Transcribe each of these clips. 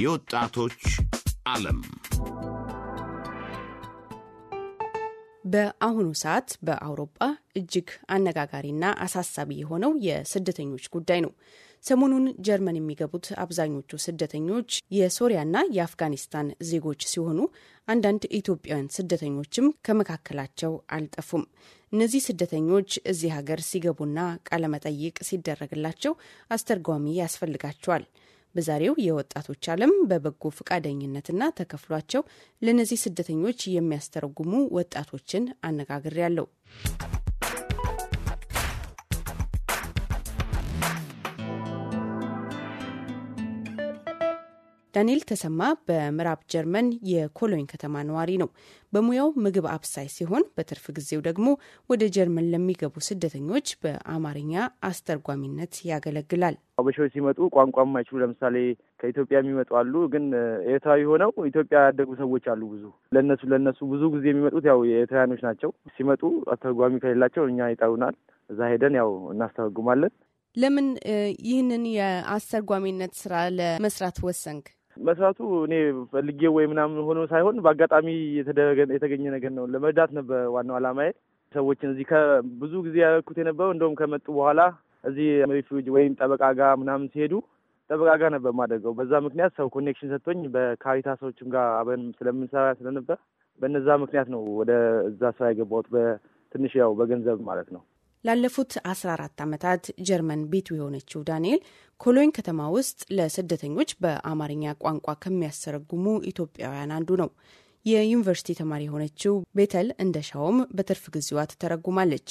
የወጣቶች ዓለም በአሁኑ ሰዓት በአውሮፓ እጅግ አነጋጋሪና አሳሳቢ የሆነው የስደተኞች ጉዳይ ነው። ሰሞኑን ጀርመን የሚገቡት አብዛኞቹ ስደተኞች የሶሪያና የአፍጋኒስታን ዜጎች ሲሆኑ አንዳንድ ኢትዮጵያውያን ስደተኞችም ከመካከላቸው አልጠፉም። እነዚህ ስደተኞች እዚህ ሀገር ሲገቡና ቃለመጠይቅ ሲደረግላቸው አስተርጓሚ ያስፈልጋቸዋል። በዛሬው የወጣቶች ዓለም በበጎ ፈቃደኝነትና ተከፍሏቸው ለእነዚህ ስደተኞች የሚያስተረጉሙ ወጣቶችን ያለው። ዳንኤል ተሰማ በምዕራብ ጀርመን የኮሎኝ ከተማ ነዋሪ ነው። በሙያው ምግብ አብሳይ ሲሆን በትርፍ ጊዜው ደግሞ ወደ ጀርመን ለሚገቡ ስደተኞች በአማርኛ አስተርጓሚነት ያገለግላል። አበሻዎች ሲመጡ ቋንቋ የማይችሉ ለምሳሌ ከኢትዮጵያ የሚመጡ አሉ፣ ግን ኤርትራዊ ሆነው ኢትዮጵያ ያደጉ ሰዎች አሉ። ብዙ ለነሱ ለነሱ ብዙ ጊዜ የሚመጡት ያው የኤርትራያኖች ናቸው። ሲመጡ አስተርጓሚ ከሌላቸው እኛ ይጠሩናል። እዛ ሄደን ያው እናስተረጉማለን። ለምን ይህንን የአስተርጓሚነት ስራ ለመስራት ወሰንክ? መስራቱ እኔ ፈልጌ ወይ ምናምን ሆኖ ሳይሆን በአጋጣሚ የተገኘ ነገር ነው። ለመርዳት ነበር ዋናው ዓላማዬ። ሰዎችን እዚህ ከብዙ ጊዜ ያበኩት የነበረው እንደውም ከመጡ በኋላ እዚህ ሪፉጅ ወይም ጠበቃ ጋር ምናምን ሲሄዱ ጠበቃ ጋር ነበር ማደርገው። በዛ ምክንያት ሰው ኮኔክሽን ሰጥቶኝ በካሪታ ሰዎችም ጋር አብረን ስለምንሰራ ስለነበር በነዛ ምክንያት ነው ወደ እዛ ስራ የገባሁት። በትንሽ ያው በገንዘብ ማለት ነው። ላለፉት 14 ዓመታት ጀርመን ቤቱ የሆነችው ዳንኤል ኮሎኝ ከተማ ውስጥ ለስደተኞች በአማርኛ ቋንቋ ከሚያስተረጉሙ ኢትዮጵያውያን አንዱ ነው። የዩኒቨርሲቲ ተማሪ የሆነችው ቤተል እንደሻውም በትርፍ ጊዜዋ ትተረጉማለች።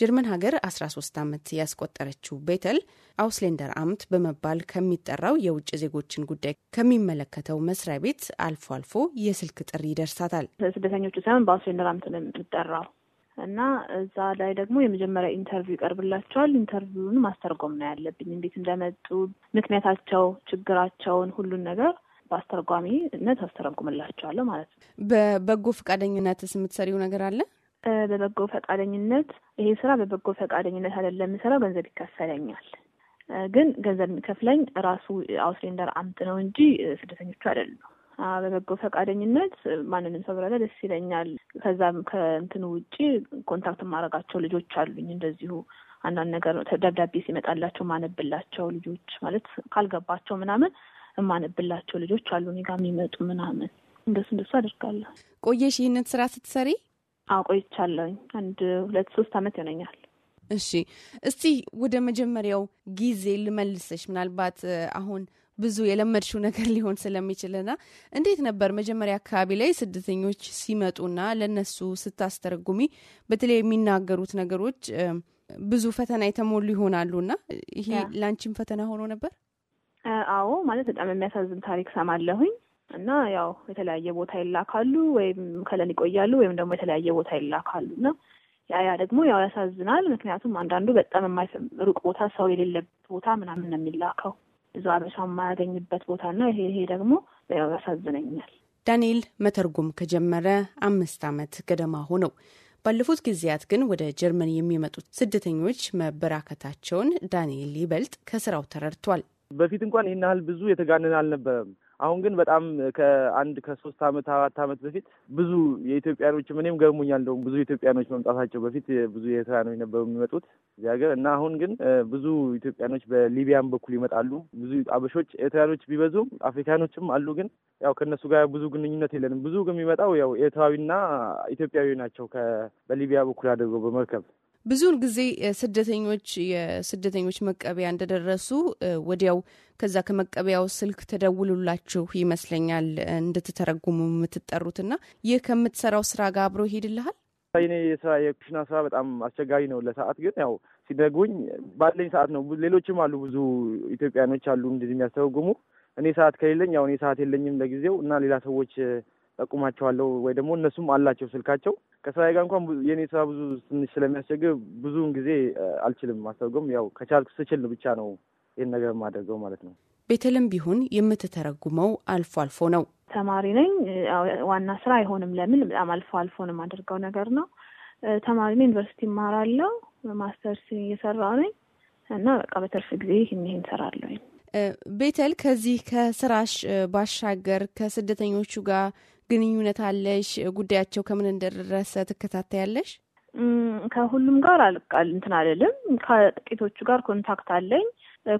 ጀርመን ሀገር 13 ዓመት ያስቆጠረችው ቤተል አውስሌንደር አምት በመባል ከሚጠራው የውጭ ዜጎችን ጉዳይ ከሚመለከተው መስሪያ ቤት አልፎ አልፎ የስልክ ጥሪ ይደርሳታል። ስደተኞቹ ሳይሆን በአውስሌንደር አምት ነው የምትጠራው እና እዛ ላይ ደግሞ የመጀመሪያ ኢንተርቪው ይቀርብላቸዋል። ኢንተርቪውን ማስተርጎም ነው ያለብኝ። እንዴት እንደመጡ ምክንያታቸው፣ ችግራቸውን፣ ሁሉን ነገር በአስተርጓሚነት አስተረጉምላቸዋለሁ ማለት ነው። በበጎ ፈቃደኝነትስ የምትሰሪው ነገር አለ? በበጎ ፈቃደኝነት ይሄ ስራ በበጎ ፈቃደኝነት አይደለም የምሰራው፣ ገንዘብ ይከፈለኛል። ግን ገንዘብ የሚከፍለኝ ራሱ አውስሌንደር አምጥ ነው እንጂ ስደተኞቹ አይደሉም። በበጎ ፈቃደኝነት ማንንም ሰው ብረዳ ደስ ይለኛል። ከዛም ከእንትኑ ውጪ ኮንታክት ማድረጋቸው ልጆች አሉኝ እንደዚሁ አንዳንድ ነገር ደብዳቤ ሲመጣላቸው ማነብላቸው ልጆች ማለት ካልገባቸው ምናምን የማነብላቸው ልጆች አሉ እኔ የሚመጡ ምናምን እንደሱ እንደሱ አድርጋለሁ። ቆየሽ ይህንን ስራ ስትሰሪ? አዎ ቆይቻለሁኝ። አንድ ሁለት ሶስት አመት ይሆነኛል። እሺ፣ እስቲ ወደ መጀመሪያው ጊዜ ልመልስሽ። ምናልባት አሁን ብዙ የለመድሽው ነገር ሊሆን ስለሚችልና እንዴት ነበር መጀመሪያ አካባቢ ላይ ስደተኞች ሲመጡና ለነሱ ስታስተረጉሚ በተለይ የሚናገሩት ነገሮች ብዙ ፈተና የተሞሉ ይሆናሉና ይሄ ለአንቺም ፈተና ሆኖ ነበር? አዎ ማለት በጣም የሚያሳዝን ታሪክ ሰማለሁኝ እና ያው የተለያየ ቦታ ይላካሉ ወይም ከለን ይቆያሉ ወይም ደግሞ የተለያየ ቦታ ይላካሉ እና ያ ያ ደግሞ ያው ያሳዝናል። ምክንያቱም አንዳንዱ በጣም ሩቅ ቦታ ሰው የሌለበት ቦታ ምናምን ነው የሚላከው ብዙ አበሻ የማያገኝበት ቦታ ነው። ይሄ ይሄ ደግሞ ያሳዝነኛል። ዳንኤል መተርጎም ከጀመረ አምስት ዓመት ገደማ ሆነው። ባለፉት ጊዜያት ግን ወደ ጀርመን የሚመጡት ስደተኞች መበራከታቸውን ዳንኤል ይበልጥ ከስራው ተረድቷል። በፊት እንኳን ይህን ያህል ብዙ የተጋነን አልነበረም። አሁን ግን በጣም ከአንድ ከሶስት ዓመት አራት ዓመት በፊት ብዙ የኢትዮጵያኖች እኔም ገርሞኛል። እንደውም ብዙ ኢትዮጵያኖች መምጣታቸው በፊት ብዙ ኤርትራኖች ነበሩ የሚመጡት እዚህ ሀገር እና አሁን ግን ብዙ ኢትዮጵያኖች በሊቢያን በኩል ይመጣሉ። ብዙ አበሾች ኤርትራኖች ቢበዙም አፍሪካኖችም አሉ። ግን ያው ከእነሱ ጋር ብዙ ግንኙነት የለንም። ብዙ የሚመጣው ያው ኤርትራዊና ኢትዮጵያዊ ናቸው። በሊቢያ በኩል አድርገው በመርከብ ብዙውን ጊዜ ስደተኞች የስደተኞች መቀበያ እንደደረሱ ወዲያው ከዛ ከመቀበያው ስልክ ተደውሉላችሁ ይመስለኛል እንድትተረጉሙ የምትጠሩትና ይህ ከምትሰራው ስራ ጋር አብሮ ይሄድልሃል? እኔ የስራ የኩሽና ስራ በጣም አስቸጋሪ ነው ለሰዓት ግን ያው ሲደጉኝ ባለኝ ሰዓት ነው። ሌሎችም አሉ ብዙ ኢትዮጵያኖች አሉ እንደዚህ የሚያስተረጉሙ። እኔ ሰዓት ከሌለኝ ያው እኔ ሰዓት የለኝም ለጊዜው እና ሌላ ሰዎች ጠቁማቸዋለሁ ወይ ደግሞ እነሱም አላቸው ስልካቸው። ከስራዬ ጋር እንኳን የኔ ስራ ብዙ ትንሽ ስለሚያስቸግር ብዙውን ጊዜ አልችልም ማስተርጎም። ያው ከቻልኩ ስችል ብቻ ነው ይህን ነገር የማደርገው ማለት ነው። ቤተልም ቢሆን የምትተረጉመው አልፎ አልፎ ነው። ተማሪ ነኝ። ዋና ስራ አይሆንም። ለምን በጣም አልፎ አልፎ ነው የማደርገው ነገር ነው። ተማሪ ነኝ። ዩኒቨርሲቲ እማራለሁ። ማስተርስ እየሰራ ነኝ እና በቃ በተርፍ ጊዜ ይህን ይህን እሰራለሁ። ቤተል ከዚህ ከስራሽ ባሻገር ከስደተኞቹ ጋር ግንኙነት አለሽ? ጉዳያቸው ከምን እንደደረሰ ትከታተያለሽ? ከሁሉም ጋር አልቃል እንትን አልልም። ከጥቂቶቹ ጋር ኮንታክት አለኝ።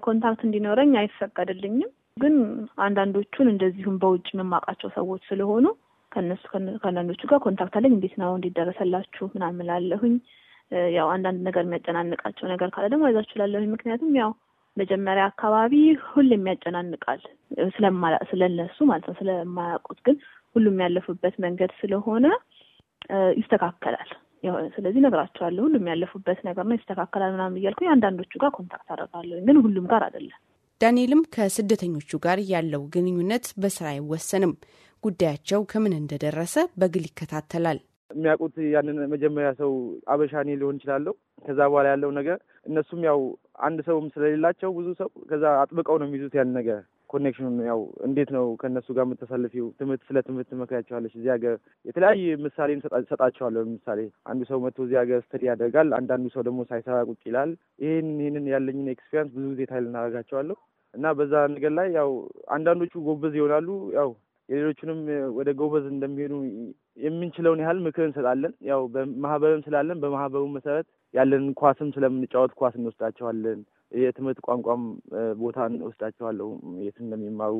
ኮንታክት እንዲኖረኝ አይፈቀድልኝም፣ ግን አንዳንዶቹን እንደዚሁም በውጭ የምማውቃቸው ሰዎች ስለሆኑ ከነሱ ከአንዳንዶቹ ጋር ኮንታክት አለኝ። እንዴት ነው እንዲደረሰላችሁ ምናምን ላለሁኝ ያው አንዳንድ ነገር የሚያጨናንቃቸው ነገር ካለ ደግሞ አይዛችሁ ላለሁኝ። ምክንያቱም ያው መጀመሪያ አካባቢ ሁሌም የሚያጨናንቃል ስለነሱ ማለት ነው ስለማያውቁት ግን ሁሉም ያለፉበት መንገድ ስለሆነ ይስተካከላል። ስለዚህ እነግራቸዋለሁ። ሁሉም ያለፉበት ነገር ነው፣ ይስተካከላል ምናምን እያልኩኝ አንዳንዶቹ ጋር ኮንታክት አደርጋለሁ፣ ግን ሁሉም ጋር አይደለም። ዳንኤልም ከስደተኞቹ ጋር ያለው ግንኙነት በስራ አይወሰንም። ጉዳያቸው ከምን እንደደረሰ በግል ይከታተላል። የሚያውቁት ያንን መጀመሪያ ሰው አበሻኔ ሊሆን ይችላለሁ። ከዛ በኋላ ያለው ነገር እነሱም ያው አንድ ሰውም ስለሌላቸው ብዙ ሰው ከዛ አጥብቀው ነው የሚይዙት ያን ነገር ኮኔክሽኑን ያው እንዴት ነው ከእነሱ ጋር የምታሳልፊው? ትምህርት ስለ ትምህርት ትመክሪያቸዋለች። እዚህ ሀገር የተለያየ ምሳሌ ሰጣቸዋለሁ። ለምሳሌ አንዱ ሰው መጥቶ እዚህ ሀገር ስተዲ ያደርጋል፣ አንዳንዱ ሰው ደግሞ ሳይሰራ ቁጭ ይላል። ይህን ይህንን ያለኝን ኤክስፔሪንስ ብዙ ጊዜ ታይል እናደርጋቸዋለሁ እና በዛ ነገር ላይ ያው አንዳንዶቹ ጎበዝ ይሆናሉ፣ ያው የሌሎቹንም ወደ ጎበዝ እንደሚሄዱ የምንችለውን ያህል ምክር እንሰጣለን። ያው ማህበርም ስላለን በማህበሩ መሰረት ያለን ኳስም ስለምንጫወት ኳስ እንወስዳቸዋለን። የትምህርት ቋንቋም ቦታ እንወስዳቸዋለሁ የት እንደሚማሩ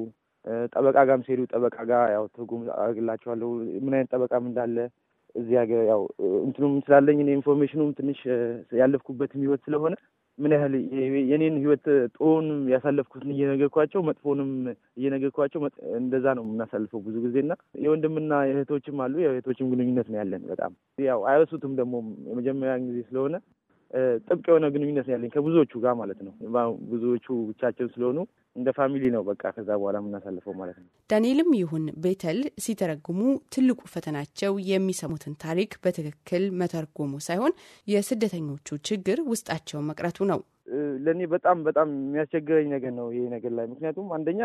ጠበቃ ጋም ሲሄዱ ጠበቃ ጋ ያው ትርጉም አድርግላቸዋለሁ ምን አይነት ጠበቃም እንዳለ እዚህ ሀገር ያው እንትኑም ስላለኝ እኔ ኢንፎርሜሽኑም ትንሽ ያለፍኩበትም ህይወት ስለሆነ ምን ያህል የኔን ህይወት ጥሩን ያሳለፍኩትን እየነገርኳቸው መጥፎንም እየነገርኳቸው እንደዛ ነው የምናሳልፈው ብዙ ጊዜ ና የወንድምና የእህቶችም አሉ የእህቶችም ግንኙነት ነው ያለን። በጣም ያው አይረሱትም ደግሞ የመጀመሪያ ጊዜ ስለሆነ ጥብቅ የሆነ ግንኙነት ያለኝ ከብዙዎቹ ጋር ማለት ነው። ብዙዎቹ ብቻቸው ስለሆኑ እንደ ፋሚሊ ነው በቃ ከዛ በኋላ የምናሳልፈው ማለት ነው። ዳንኤልም ይሁን ቤተል ሲተረጉሙ ትልቁ ፈተናቸው የሚሰሙትን ታሪክ በትክክል መተርጎሙ ሳይሆን የስደተኞቹ ችግር ውስጣቸው መቅረቱ ነው። ለእኔ በጣም በጣም የሚያስቸግረኝ ነገር ነው ይሄ ነገር ላይ ምክንያቱም አንደኛ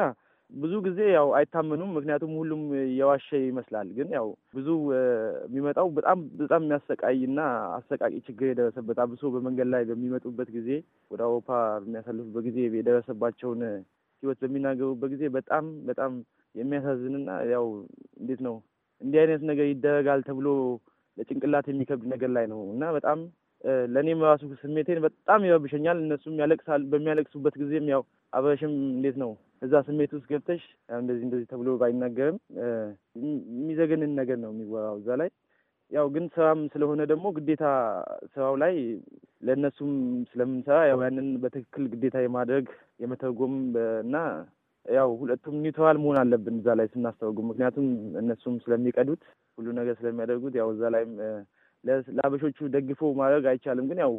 ብዙ ጊዜ ያው አይታመኑም። ምክንያቱም ሁሉም የዋሸ ይመስላል። ግን ያው ብዙ የሚመጣው በጣም በጣም የሚያሰቃይ እና አሰቃቂ ችግር የደረሰበት አብሶ በመንገድ ላይ በሚመጡበት ጊዜ ወደ አውሮፓ በሚያሳልፉበት ጊዜ የደረሰባቸውን ህይወት በሚናገሩበት ጊዜ በጣም በጣም የሚያሳዝንና ያው እንዴት ነው እንዲህ አይነት ነገር ይደረጋል ተብሎ ለጭንቅላት የሚከብድ ነገር ላይ ነው እና በጣም ለእኔም ራሱ ስሜቴን በጣም ይረብሸኛል። እነሱም ያለቅሳል። በሚያለቅሱበት ጊዜም ያው አበረሽም እንዴት ነው እዛ ስሜት ውስጥ ገብተሽ እንደዚህ እንደዚህ ተብሎ ባይናገርም የሚዘገንን ነገር ነው የሚወራው እዛ ላይ። ያው ግን ስራም ስለሆነ ደግሞ ግዴታ ስራው ላይ ለእነሱም ስለምንሰራ ያው ያንን በትክክል ግዴታ የማድረግ የመተርጎም እና ያው ሁለቱም ኒውትራል መሆን አለብን እዛ ላይ ስናስተወጉም። ምክንያቱም እነሱም ስለሚቀዱት ሁሉ ነገር ስለሚያደርጉት ያው እዛ ላይም ለአበሾቹ ደግፎ ማድረግ አይቻልም። ግን ያው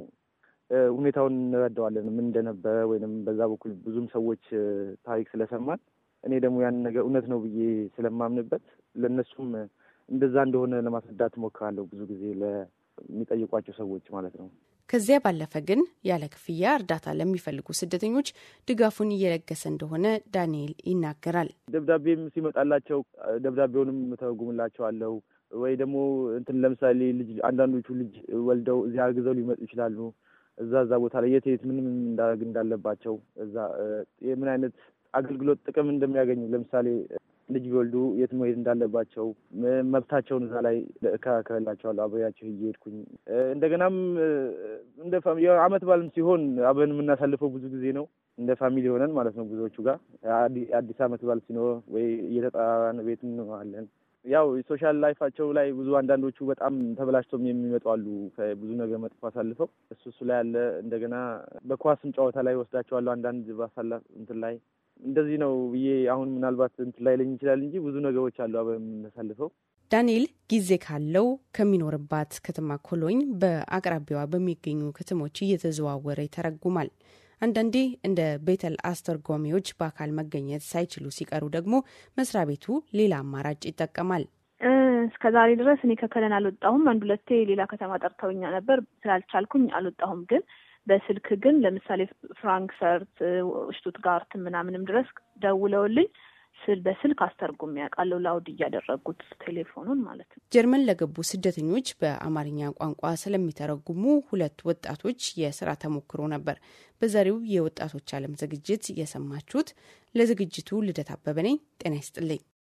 ሁኔታውን እንረዳዋለን። ምን እንደነበረ ወይም በዛ በኩል ብዙም ሰዎች ታሪክ ስለሰማን እኔ ደግሞ ያን ነገር እውነት ነው ብዬ ስለማምንበት ለእነሱም እንደዛ እንደሆነ ለማስረዳት እሞክራለሁ ብዙ ጊዜ ለሚጠይቋቸው ሰዎች ማለት ነው። ከዚያ ባለፈ ግን ያለ ክፍያ እርዳታ ለሚፈልጉ ስደተኞች ድጋፉን እየለገሰ እንደሆነ ዳንኤል ይናገራል። ደብዳቤም ሲመጣላቸው ደብዳቤውንም ተረጉምላቸዋለሁ ወይ ደግሞ እንትን ለምሳሌ ልጅ አንዳንዶቹ ልጅ ወልደው እዚያ አርግዘው ሊመጡ ይችላሉ። እዛ እዛ ቦታ ላይ የት የት ምንም እንዳለባቸው እዛ የምን አይነት አገልግሎት ጥቅም እንደሚያገኙ ለምሳሌ ልጅ ቢወልዱ የት መሄድ እንዳለባቸው መብታቸውን እዛ ላይ እከራከርላቸዋለሁ። አብሬያቸው እየሄድኩኝ እንደገናም እንደ አመት በዓልም ሲሆን አብረን የምናሳልፈው ብዙ ጊዜ ነው። እንደ ፋሚሊ ሆነን ማለት ነው ብዙዎቹ ጋር አዲስ አመት በዓል ሲኖር ወይ እየተጠራራን ቤት እንኖራለን። ያው የሶሻል ላይፋቸው ላይ ብዙ አንዳንዶቹ በጣም ተበላሽቶም የሚመጡ አሉ። ብዙ ነገር መጥፎ አሳልፈው እሱ እሱ ላይ ያለ እንደገና በኳስም ጨዋታ ላይ ወስዳቸዋለሁ። አንዳንድ ባሳላፍ እንትን ላይ እንደዚህ ነው ብዬ አሁን ምናልባት እንትን ላይ ለኝ ይችላል እንጂ ብዙ ነገሮች አሉ የምናሳልፈው። ዳንኤል ጊዜ ካለው ከሚኖርባት ከተማ ኮሎኝ በአቅራቢያዋ በሚገኙ ከተሞች እየተዘዋወረ ይተረጉማል። አንዳንዴ እንደ ቤተል አስተርጓሚዎች በአካል መገኘት ሳይችሉ ሲቀሩ ደግሞ መስሪያ ቤቱ ሌላ አማራጭ ይጠቀማል። እስከ ዛሬ ድረስ እኔ ከከለን አልወጣሁም። አንድ ሁለቴ ሌላ ከተማ ጠርተውኛ ነበር ስላልቻልኩኝ አልወጣሁም። ግን በስልክ ግን ለምሳሌ ፍራንክፈርት፣ ሽቱትጋርት ምናምንም ድረስ ደውለውልኝ ስል በስልክ አስተርጉም ያውቃለሁ ላውድ እያደረጉት ቴሌፎኑን ማለት ነው። ጀርመን ለገቡ ስደተኞች በአማርኛ ቋንቋ ስለሚተረጉሙ ሁለት ወጣቶች የስራ ተሞክሮ ነበር በዛሬው የወጣቶች ዓለም ዝግጅት የሰማችሁት። ለዝግጅቱ ልደት አበበ ነኝ። ጤና ይስጥልኝ።